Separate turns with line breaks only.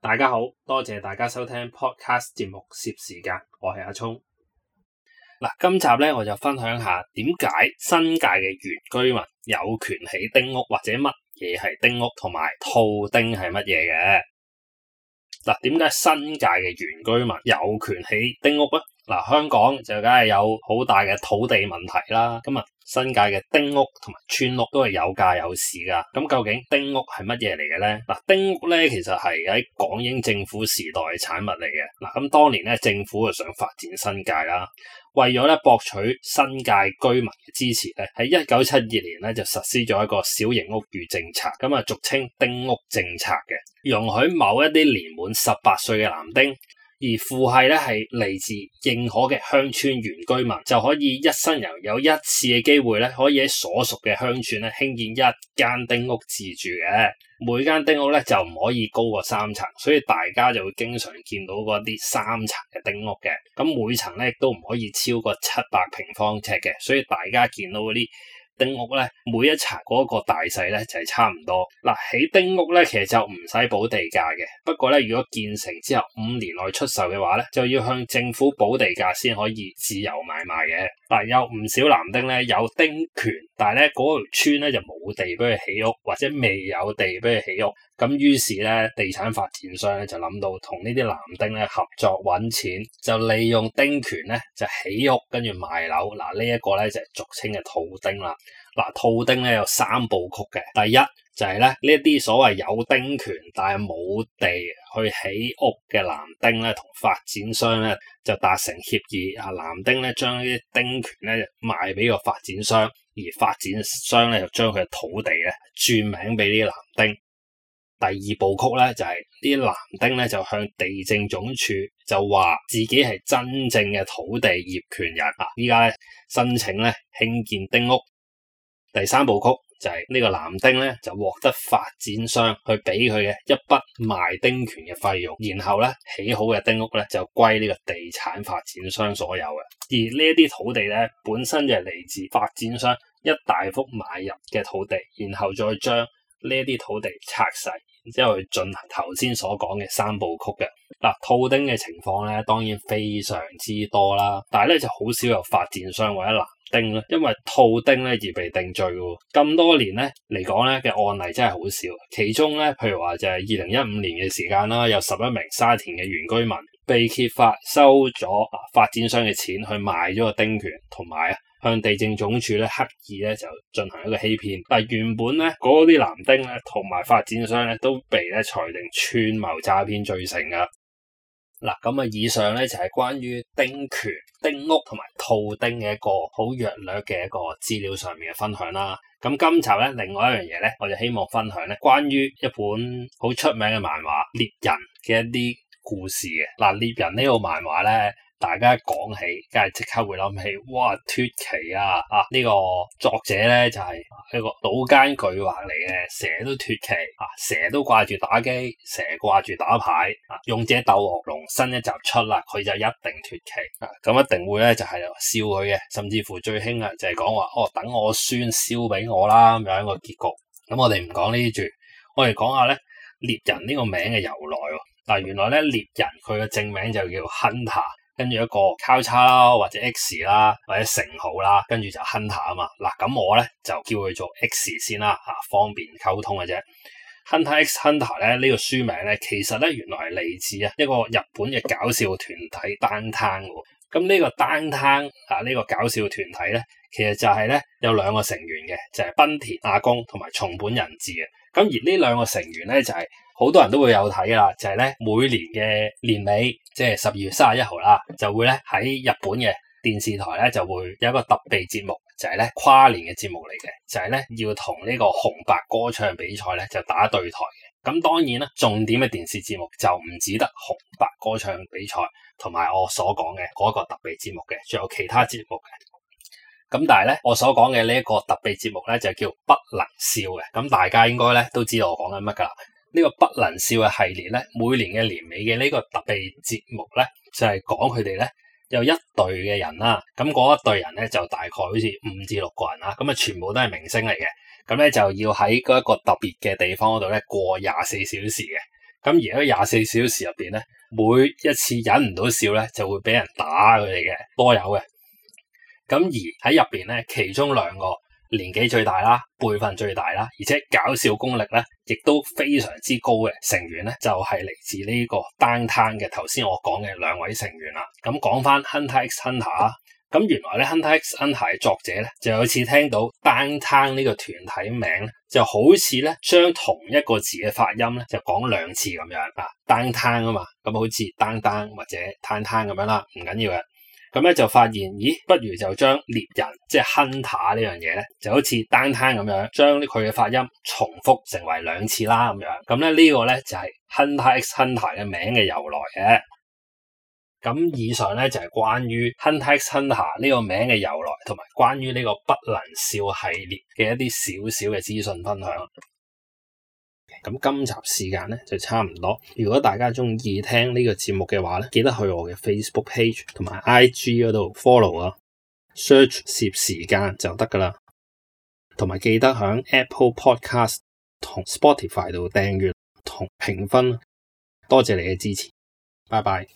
大家好，多謝大家收聽 Podcast 節目攝時間，我係阿聰。嗱，今集咧，我就分享下點解新界嘅原居民有權起丁屋，或者乜嘢係丁屋，同埋套丁係乜嘢嘅。嗱，點解新界嘅原居民有權起丁屋咧？嗱，香港就梗係有好大嘅土地問題啦。今日。新界嘅丁屋同埋村屋都係有價有市噶，咁究竟丁屋係乜嘢嚟嘅咧？嗱，丁屋咧其實係喺港英政府時代嘅產物嚟嘅。嗱，咁當年咧政府就想發展新界啦，為咗咧博取新界居民嘅支持咧，喺一九七二年咧就實施咗一個小型屋宇政策，咁啊俗稱丁屋政策嘅，容許某一啲年滿十八歲嘅男丁。而父系咧係嚟自認可嘅鄉村原居民，就可以一生人有一次嘅機會咧，可以喺所屬嘅鄉村咧興建一間丁屋自住嘅。每間丁屋咧就唔可以高過三層，所以大家就會經常見到嗰啲三層嘅丁屋嘅。咁每層咧都唔可以超過七百平方尺嘅，所以大家見到嗰啲，丁屋咧，每一層嗰個大細咧就係差唔多。嗱，起丁屋咧，其實就唔使補地價嘅。不過咧，如果建成之後五年內出售嘅話咧，就要向政府補地價先可以自由買賣嘅。嗱，有唔少男丁咧，有丁權，但係咧，嗰條村咧就冇地俾佢起屋，或者未有地俾佢起屋，咁於是咧，地產發展商咧就諗到同呢啲男丁咧合作揾錢，就利用丁權咧就起屋跟住賣樓。嗱、那個、呢一個咧就係、俗稱嘅套丁啦。嗱，套丁咧有三部曲嘅。第一就係咧呢一啲所謂有丁權但係冇地去起屋嘅男丁咧，同發展商咧就達成協議啊。男丁咧將呢啲丁權咧賣俾個發展商，而發展商咧就將佢嘅土地咧轉名俾呢啲男丁。第二部曲咧就係啲男丁咧就向地政總署就話自己係真正嘅土地業權人啊！依家咧申請咧興建丁屋。第三部曲就係呢個男丁咧，就獲得發展商去俾佢嘅一筆賣丁權嘅費用，然後咧起好嘅丁屋咧就歸呢個地產發展商所有嘅。而呢一啲土地咧本身就係嚟自發展商一大幅買入嘅土地，然後再將呢一啲土地拆細，然之後去進行頭先所講嘅三部曲嘅。嗱，套丁嘅情況咧當然非常之多啦，但係咧就好少有發展商或者男丁咧，因為套丁咧而被定罪嘅，咁多年咧嚟講咧嘅案例真係好少。其中咧，譬如話就係二零一五年嘅時間啦，有十一名沙田嘅原居民被揭發收咗發展商嘅錢去賣咗個丁權，同埋啊向地政總署咧刻意咧就進行一個欺騙。嗱，原本咧嗰啲藍丁咧同埋發展商咧都被咧裁定串謀詐騙罪成噶。嗱，咁啊，以上咧就係關於丁權、丁屋同埋套丁嘅一個好弱略嘅一個資料上面嘅分享啦。咁今集咧，另外一樣嘢咧，我就希望分享咧，關於一本好出名嘅漫畫《獵人》嘅一啲故事嘅。嗱，《獵人》呢套漫畫咧。大家一講起，梗係即刻會諗起，哇脱期啊！啊呢、這個作者咧就係、是、一個老奸巨猾嚟嘅，成日都脱期，啊成日都掛住打機，成日掛住打牌，啊勇者鬥惡龍新一集出啦，佢就一定脱期，咁、啊、一定會咧就係、是、笑佢嘅，甚至乎最興啊就係講話哦，等我孫燒俾我啦咁樣一個結局。咁我哋唔講呢啲住，我哋講下咧獵人呢個名嘅由來。嗱、啊、原來咧獵人佢嘅正名就叫 Hunter 跟住一個交叉啦，或者 X 啦，或者乘號啦，跟住就 Hunter 啊嘛。嗱，咁我咧就叫佢做 X 先啦，啊，方便溝通嘅啫。Hunter X Hunter 咧呢、這個書名咧，其實咧原來係嚟自啊一個日本嘅搞笑團體 Down Town 喎。咁呢個 Down Town ow 啊呢、這個搞笑團體咧，其實就係咧有兩個成員嘅，就係、是、濱田雅功同埋松本人志嘅。咁而呢兩個成員咧就係、是。好多人都會有睇啦，就係咧每年嘅年尾，即係十二月三十一號啦，就會咧喺日本嘅電視台咧就會有一個特別節目，就係咧跨年嘅節目嚟嘅，就係咧要同呢個紅白歌唱比賽咧就打對台嘅。咁當然啦，重點嘅電視節目就唔止得紅白歌唱比賽同埋我所講嘅嗰個特別節目嘅，仲有其他節目嘅。咁但係咧，我所講嘅呢一個特別節目咧就叫不能笑嘅。咁大家應該咧都知道我講緊乜㗎啦。呢個不能笑嘅系列咧，每年嘅年尾嘅呢個特別節目咧，就係講佢哋咧有一隊嘅人啦，咁嗰一隊人咧就大概好似五至六個人啊，咁啊全部都係明星嚟嘅，咁咧就要喺嗰一個特別嘅地方嗰度咧過廿四小時嘅，咁而喺廿四小時入邊咧，每一次忍唔到笑咧就會俾人打佢哋嘅，多有嘅，咁而喺入邊咧其中兩個。年紀最大啦，輩份最大啦，而且搞笑功力咧，亦都非常之高嘅成員咧，就係、是、嚟自呢個 Downtown 嘅頭先我講嘅兩位成員啦。咁講翻 Hunter X Hunter，咁、啊嗯、原來咧 Hunter X Hunter 嘅作者咧 ow，就好似聽到 Downtown 呢個團體名就好似咧將同一個字嘅發音咧，就講兩次咁樣啊，Downtown 啊嘛，咁、嗯、好似 Down Down 或者 Town Town 咁樣啦，唔緊要嘅。咁咧就發現，咦，不如就將獵人即係 Hunter 呢樣嘢咧，就好似 Downtown 咁樣，將佢嘅發音重複成為兩次啦咁樣。咁咧呢個咧就係、是、Hunter×Hunter 嘅名嘅由來嘅。咁以上咧就係、是、關於 Hunter×Hunter 呢個名嘅由來，同埋關於呢個不能笑系列嘅一啲少少嘅資訊分享。咁今集時間咧就差唔多，如果大家鍾意聽呢個節目嘅話咧，記得去我嘅 Facebook page 同埋 IG 嗰度 follow 啊，search 攝時間就得㗎啦，同埋記得響 Apple Podcast 同 Spotify 度訂閱同評分啊，多謝你嘅支持，拜拜。